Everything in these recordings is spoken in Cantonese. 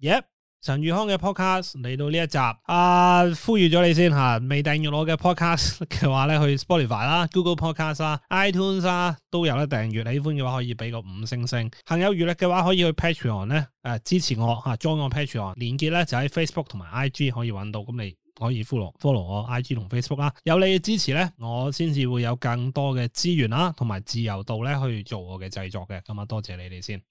Yep，陳宇康嘅 podcast 嚟到呢一集，啊，呼籲咗你先吓，未訂閱我嘅 podcast 嘅話咧，去 Spotify 啦、Google Podcast 啦 iTunes，啊、iTunes 啊都有得訂閱。喜歡嘅話，可以俾個五星星。行有餘力嘅話，可以去 Patreon 咧，誒、啊，支持我吓，join、啊、我 Patreon，連結咧就喺 Facebook 同埋 IG 可以揾到。咁你可以 follow follow 我 IG 同 Facebook 啦。有你嘅支持咧，我先至會有更多嘅資源啦、啊，同埋自由度咧去做我嘅製作嘅。咁啊，多謝你哋先。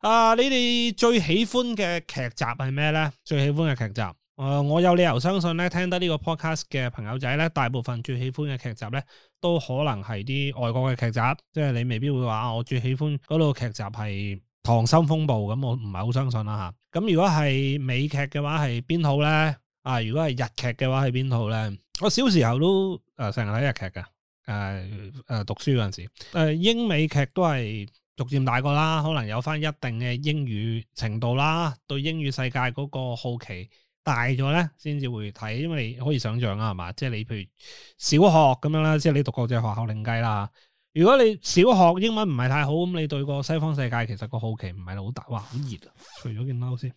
啊！你哋最喜歡嘅劇集係咩咧？最喜歡嘅劇集，誒、呃，我有理由相信咧，聽得呢個 Podcast 嘅朋友仔咧，大部分最喜歡嘅劇集咧，都可能係啲外國嘅劇集，即係你未必會話、啊、我最喜歡嗰套劇集係《溏心風暴》咁，我唔係好相信啦吓。咁如果係美劇嘅話係邊套咧？啊，如果係日劇嘅話係邊套咧？我小時候都誒呃、成日睇日劇嘅，誒、呃、誒、呃、讀書嗰陣時，誒、呃、英美劇都係。逐漸大個啦，可能有翻一定嘅英語程度啦，對英語世界嗰個好奇大咗咧，先至會睇，因為你可以想象啊，係嘛，即係你譬如小學咁樣啦，即係你讀國際學校另計啦。如果你小學英文唔係太好，咁你對個西方世界其實個好奇唔係好大，哇，好熱啊！除咗件褸先，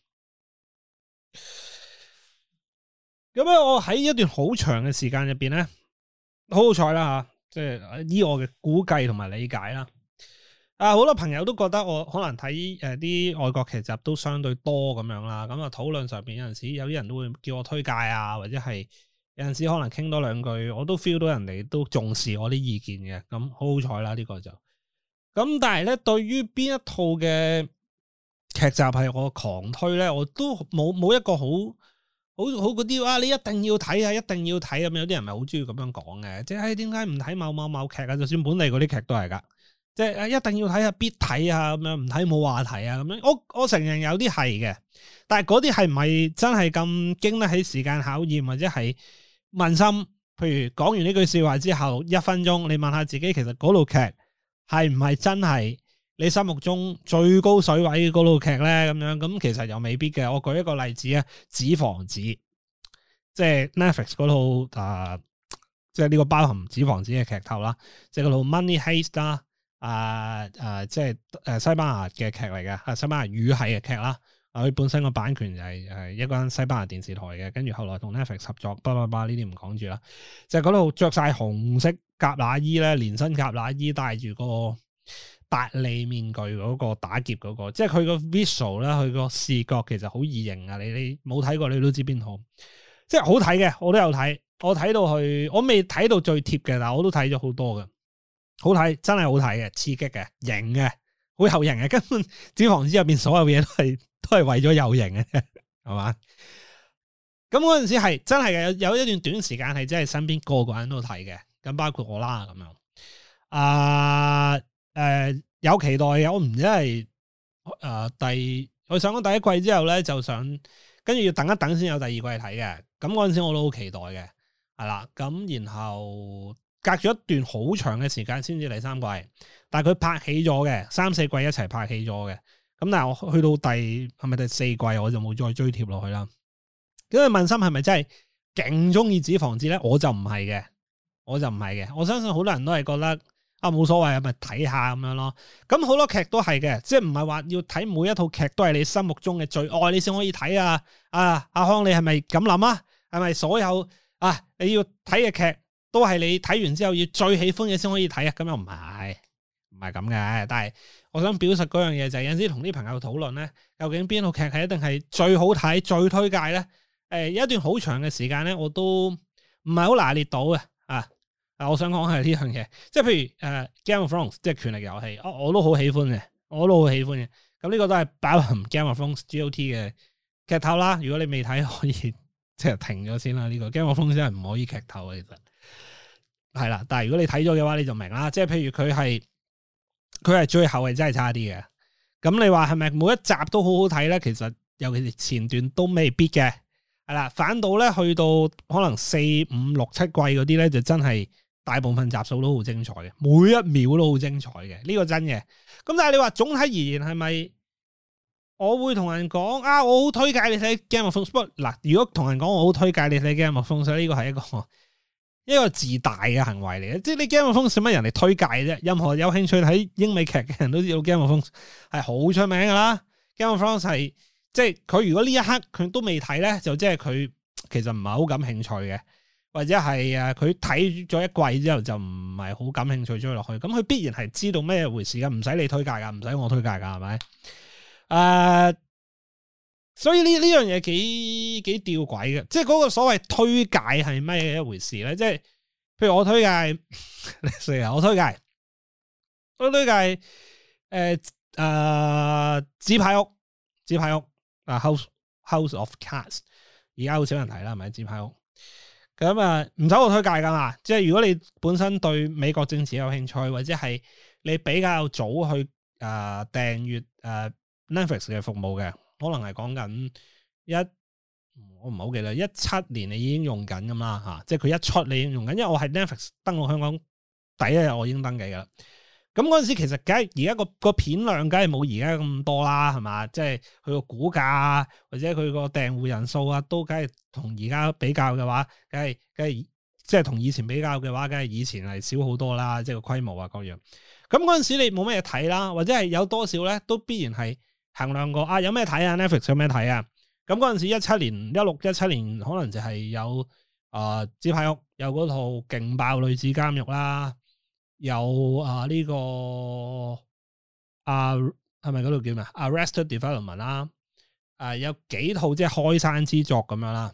咁樣 我喺一段好長嘅時間入邊咧，好好彩啦吓，即係依我嘅估計同埋理解啦。啊，好多朋友都覺得我可能睇啲、呃、外國劇集都相對多咁樣啦，咁啊討論上面，有陣時有啲人都會叫我推介啊，或者係有陣時可能傾多兩句，我都 feel 到人哋都重視我啲意見嘅，咁好好彩啦呢個就。咁但係咧，對於邊一套嘅劇集係我狂推咧，我都冇冇一個好好好嗰啲啊，你一定要睇啊，一定要睇咁、嗯、有啲人咪好中意咁樣講嘅，即係點解唔睇某某某劇啊？就算本地嗰啲劇都係噶。即係一定要睇下必睇啊，咁樣唔睇冇話題啊，咁樣。我我承認有啲係嘅，但係嗰啲係唔係真係咁經得起時間考驗，或者係問心。譬如講完呢句說話之後，一分鐘你問下自己，其實嗰套劇係唔係真係你心目中最高水位嘅嗰套劇咧？咁樣，咁其實又未必嘅。我舉一個例子、子、就是、啊，紙房子，即係 Netflix 嗰套啊，即係呢個包含紙房子嘅劇頭啦，即係嗰套 Money Heist 啦啊，啊即係西班牙嘅劇嚟嘅，啊西班牙語系嘅劇啦。佢、啊、本身個版權就係、係啊、一間西班牙電視台嘅，跟住後來同 Netflix 合作，叭叭叭呢啲唔講住啦。就嗰度着晒紅色夾乸衣咧，連身夾乸衣，戴住個達利面具嗰個打劫嗰、嗰個，即係佢個 visual 啦，佢個視覺其實好異形啊！你你冇睇過你都知邊套，即係好睇嘅，我都有睇，我睇到去，我未睇到最貼嘅，但係我都睇咗好多嘅。好睇，真係好睇嘅，刺激嘅，型嘅，好有型嘅，根本《紙房子》入邊所有嘢都係都係為咗有型嘅，係嘛？咁嗰陣時係真係嘅，有有一段短時間係真係身邊個個人都睇嘅，咁包括我啦咁樣。啊、呃，誒、呃，有期待嘅，我唔知係誒第我上咗第一季之後咧，就想跟住要等一等先有第二季睇嘅。咁嗰陣時我都好期待嘅，係啦。咁然後。隔咗一段好長嘅時間先至第三季，但係佢拍起咗嘅，三四季一齊拍起咗嘅。咁但係我去到第係咪第四季，我就冇再追貼落去啦。咁問心係咪真係勁中意紙房子咧？我就唔係嘅，我就唔係嘅。我相信好多人都係覺得啊，冇所謂啊，咪睇下咁樣咯。咁、嗯、好多劇都係嘅，即係唔係話要睇每一套劇都係你心目中嘅最愛，你先可以睇啊。啊，阿康你係咪咁諗啊？係咪所有啊？你要睇嘅劇？都係你睇完之後要最喜歡嘅先可以睇啊！咁又唔係，唔係咁嘅。但係我想表述嗰樣嘢就係、是、有陣時同啲朋友討論咧，究竟邊套劇係一定係最好睇、最推介咧？誒、呃，有一段好長嘅時間咧，我都唔係好拿捏到嘅啊！啊，我想講係呢樣嘢，即係譬如誒、呃《Game of Thrones》即係權力遊戲，哦，我都好喜歡嘅，我都好喜歡嘅。咁呢個都係包含《Game of Thrones》G O T 嘅劇透啦。如果你未睇，可以即係停咗先啦。呢、這個《Game of Thrones》真係唔可以劇透啊，其實。係啦，但係如果你睇咗嘅話，你就明啦。即係譬如佢係佢係最後係真係差啲嘅。咁你話係咪每一集都好好睇咧？其實尤其是前段都未必嘅。係啦，反倒咧去到可能四五六七季嗰啲咧，就真係大部分集數都好精彩嘅，每一秒都好精彩嘅。呢個真嘅。咁但係你話總體而言係咪？我會同人講啊，我好推介你睇《Game of Thrones》。不過嗱，如果同人講我好推介你睇《Game of Thrones》，呢個係一個。呢個自大嘅行為嚟嘅，即係你 Game of Thrones 乜人嚟推介啫？任何有興趣睇英美劇嘅人都知道 Game of Thrones 係好出名噶啦。Game of Thrones 係即係佢如果呢一刻佢都未睇咧，就即係佢其實唔係好感興趣嘅，或者係啊佢睇咗一季之後就唔係好感興趣追落去。咁佢必然係知道咩回事噶，唔使你推介噶，唔使我推介噶，係咪？誒、uh。所以呢呢樣嘢幾幾吊詭嘅，即係嗰個所謂推介係咩一回事咧？即係譬如我推介，例如我推介，我推介誒誒紙牌屋，紙牌屋啊，House House of Cards，而家好少人睇啦，係咪紙牌屋。咁啊，唔使我推介噶嘛，即係如果你本身對美國政治有興趣，或者係你比較早去誒訂閱誒 Netflix 嘅服務嘅。可能係講緊一，我唔好記得一七年你已經用緊㗎嘛。吓，即係佢一出你已經用緊，因為我係 Netflix 登錄香港第一日我已經登記噶啦。咁嗰陣時其實，梗係而家個個片量梗係冇而家咁多啦，係嘛？即係佢個股價或者佢個訂戶人數啊，都梗係同而家比較嘅話，梗係梗係即係同以前比較嘅話，梗係以前係少好多啦，即係個規模啊各樣。咁嗰陣時你冇乜嘢睇啦，或者係有多少咧，都必然係。衡量過啊，有咩睇啊？Netflix 有咩睇啊？咁嗰陣時一七年一六一七年，可能就係有啊《紙、呃、牌屋》，有嗰套勁爆女子監獄啦，有啊呢、這個啊係咪嗰度叫咩？《Arrested Development》啦，誒、啊、有幾套即係、就是、開山之作咁樣啦。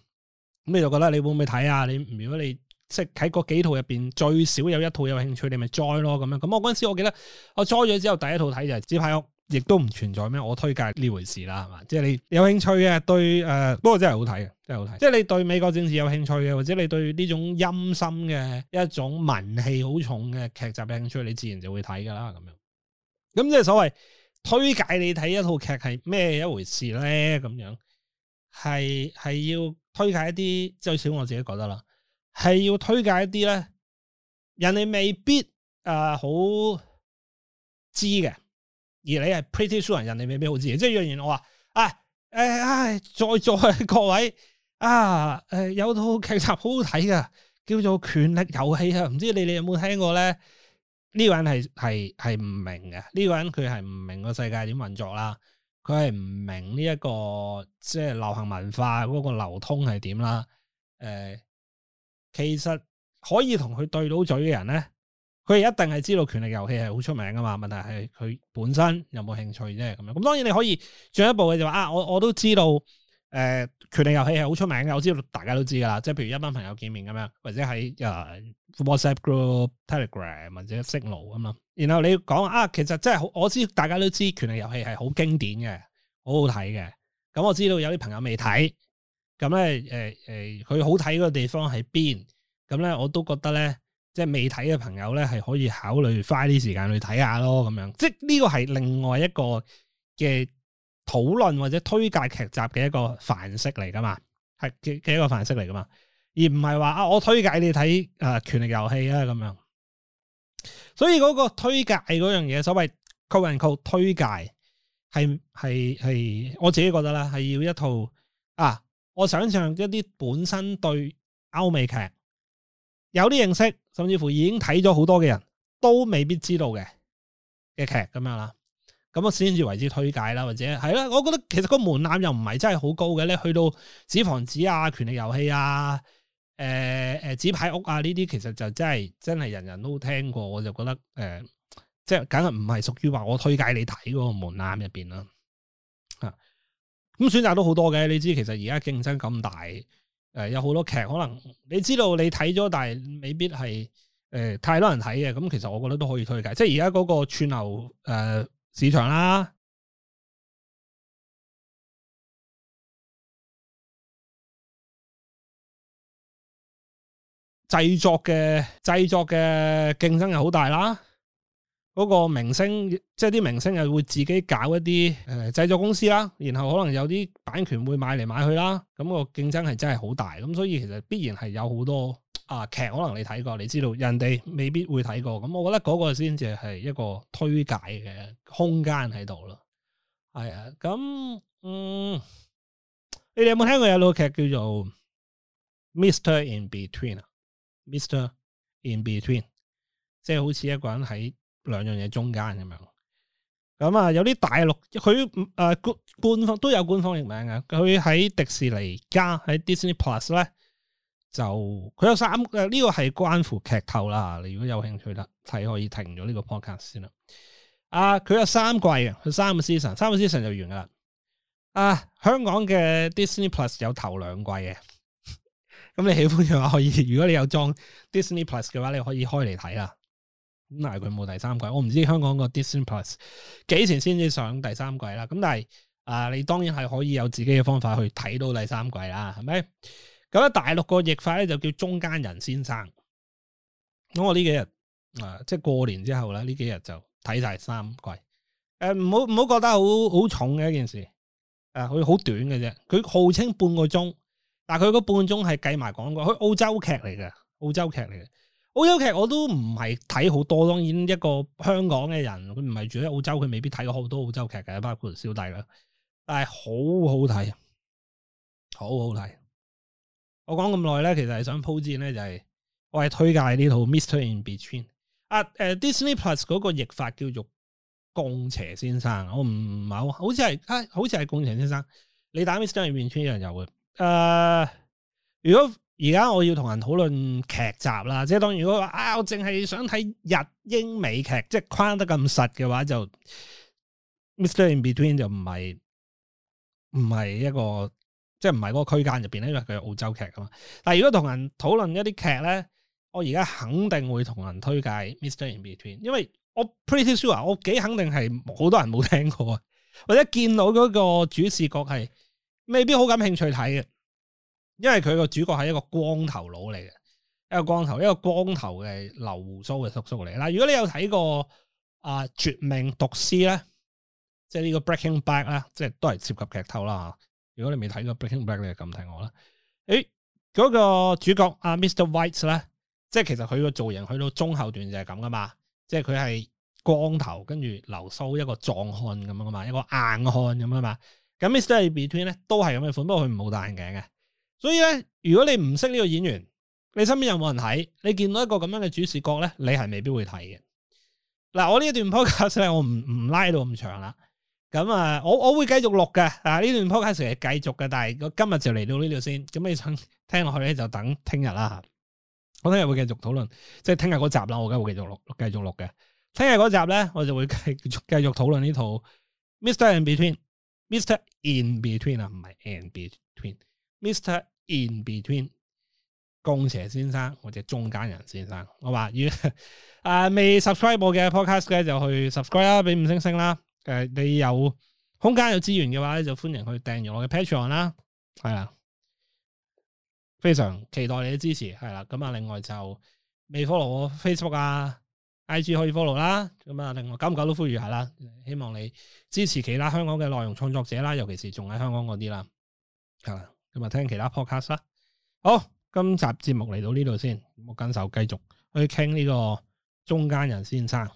咁你就覺得你會唔會睇啊？你如果你即係喺嗰幾套入邊最少有一套有興趣，你咪 join 囉咯咁樣。咁我嗰陣時我記得我 join 咗之後，第一套睇就係《紙牌屋》。亦都唔存在咩我推介呢回事啦，係嘛？即、就、係、是、你有興趣嘅，對誒、呃，不過真係好睇嘅，真係好睇。即、就、係、是、你對美國政治有興趣嘅，或者你對呢種陰森嘅一種文氣好重嘅劇集有興趣，你自然就會睇噶啦咁樣。咁即係所謂推介你睇一套劇係咩一回事咧？咁樣係係要推介一啲，至少我自己覺得啦，係要推介一啲咧。人哋未必誒好、呃、知嘅。而你係 pretty sure 人，人哋未必好知，即係若然我話唉，唉，啊，哎哎、再再各位啊，誒、哎、有套劇集好好睇噶，叫做《權力遊戲》啊，唔知你哋有冇聽過咧？呢、這個人係係係唔明嘅，呢、這個人佢係唔明個世界點運作啦，佢係唔明呢一、這個即係、就是、流行文化嗰個流通係點啦，誒、呃，其實可以同佢對到嘴嘅人咧。佢一定係知道權力遊戲係好出名㗎嘛，問題係佢本身有冇興趣啫咁樣。咁當然你可以進一步嘅就話、是、啊，我我都知道，誒、呃、權力遊戲係好出名嘅，我知道大家都知噶啦，即係譬如一班朋友見面咁樣，或者喺 WhatsApp group、Telegram 或者 Signal 咁樣。然後你講啊，其實真係好，我知大家都知權力遊戲係好經典嘅，很好好睇嘅。咁、嗯、我知道有啲朋友未睇，咁咧誒誒，佢、呃呃、好睇嗰個地方喺邊？咁、嗯、咧我都覺得咧。即係未睇嘅朋友咧，係可以考慮花啲時間去睇下咯，咁樣。即係呢個係另外一個嘅討論或者推介劇集嘅一個範式嚟噶嘛，係嘅嘅一個範式嚟噶嘛。而唔係話啊，我推介你睇《啊權力遊戲》啊，咁、啊、樣。所以嗰個推介嗰樣嘢，所謂 quote unquote 推介，係係係，我自己覺得啦，係要一套啊，我想象一啲本身對歐美劇。有啲認識，甚至乎已經睇咗好多嘅人都未必知道嘅嘅劇咁樣啦，咁我先至為之推介啦，或者係啦。我覺得其實個門檻又唔係真係好高嘅咧，去到紙房子啊、權力遊戲啊、誒誒紙牌屋啊呢啲，其實就真係真係人人都聽過，我就覺得誒、呃，即係梗係唔係屬於話我推介你睇嗰個門檻入邊啦。啊，咁選擇都好多嘅，你知其實而家競爭咁大。誒有好多劇，可能你知道你睇咗，但係未必係誒、呃、太多人睇嘅，咁其實我覺得都可以推介。即係而家嗰個串流誒、呃、市場啦，製作嘅製作嘅競爭又好大啦。嗰、那個明星，即係啲明星又會自己搞一啲誒、呃、製作公司啦，然後可能有啲版權會買嚟買去啦，咁、那個競爭係真係好大，咁所以其實必然係有好多啊劇，劇可能你睇過，你知道人哋未必會睇過，咁我覺得嗰個先至係一個推介嘅空間喺度咯，係啊，咁嗯，你哋有冇聽過有套劇叫做《Mr. In Between》啊，《Mr. In Between》，即係好似一個人喺。兩樣嘢中間咁樣，咁啊有啲大陸佢誒官方都有官方譯名嘅，佢喺迪士尼加喺 Disney Plus 咧就佢有三誒呢、啊這個係關乎劇透啦。你如果有興趣咧睇，可以停咗呢個 podcast 先啦。啊，佢有三季啊，佢三個 season，三個 season 就完噶啦。啊，香港嘅 Disney Plus 有頭兩季嘅，咁 你喜歡嘅話可以，如果你有裝 Disney Plus 嘅話，你可以開嚟睇啦。咁但係佢冇第三季，我唔知香港個 Disney Plus 幾時先至上第三季啦。咁但係啊、呃，你當然係可以有自己嘅方法去睇到第三季啦，係咪？咁啊，大陸個譯法咧就叫中間人先生。咁我呢幾日啊、呃，即係過年之後啦，呢幾日就睇晒三季。誒、呃，唔好唔好覺得好好重嘅一件事，佢、呃、好短嘅啫。佢號稱半個鐘，但佢嗰半個鐘係計埋廣告，佢澳洲劇嚟嘅，澳洲劇嚟嘅。澳洲劇我都唔係睇好多，當然一個香港嘅人，佢唔係住喺澳洲，佢未必睇過好多澳洲劇嘅，包括小弟啦，但係好好睇，好好睇。我講咁耐咧，其實係想鋪墊咧，就係、係、我係推介呢套《Mr. in Between At,、uh,》啊，誒，Disney Plus 嗰個譯法叫做《共邪先生》，我，我唔係，好似係、啊，好似係《共邪先生》，你打《Mr. in Between》就入去，誒，有。而家我要同人討論劇集啦，即係當然如果啊，我淨係想睇日英美劇，即係框得咁實嘅話，就 Mr. In Between 就唔係唔係一個即係唔係嗰個區間入邊咧，因為佢係澳洲劇啊嘛。但係如果同人討論一啲劇咧，我而家肯定會同人推介 Mr. In Between，因為我 pretty sure 我幾肯定係好多人冇聽過，或者見到嗰個主視角係未必好感興趣睇嘅。因為佢個主角係一個光頭佬嚟嘅，一個光頭，一個光頭嘅留鬍鬚嘅叔叔嚟。嗱，如果你有睇過《啊、呃、絕命毒師》咧，即係、這個、呢個 Breaking Bad 咧，即係都係涉及劇透啦。如果你未睇過 Breaking Bad，你就咁睇我啦。誒，嗰、那個主角阿 Mr. White 咧，即係其實佢個造型去到中後段就係咁噶嘛，即係佢係光頭，跟住留鬚一個壯漢咁樣噶嘛，一個硬漢咁啊嘛。咁 Mr. Inbetween 咧都係咁嘅款，不過佢冇戴眼鏡嘅。所以咧，如果你唔識呢個演員，你身邊有冇人睇？你見到一個咁樣嘅主視角咧，你係未必會睇嘅。嗱，我呢一段 podcast 咧，我唔唔拉到咁長啦。咁啊，我我會繼續錄嘅。啊，呢段 podcast 係繼續嘅，但係我今日就嚟到呢度先。咁你想聽落去咧，就等聽日啦。我聽日會繼續討論，即係聽日嗰集啦。我梗會繼續錄，繼續錄嘅。聽日嗰集咧，我就會繼繼續討論呢套 Mr. In Between，Mr. In Between 啊，唔係 In Between。Mr. In Between，弓邪先生或者中間人先生，我話，如果未 subscribe 嘅 podcast 嘅就去 subscribe 啦，俾五星星啦。誒，你有空間有資源嘅話咧，就歡迎去訂閱我嘅 Patreon 啦。係啊，非常期待你嘅支持。係啦，咁啊，另外就未 follow 我 Facebook 啊、IG 可以 follow 啦。咁啊，另外久唔久都呼籲下啦，希望你支持其他香港嘅內容創作者啦，尤其是仲喺香港嗰啲啦。係啦。咁啊，聽其他 podcast 啦。好，今集節目嚟到呢度先，我跟手繼續去傾呢個中間人先生。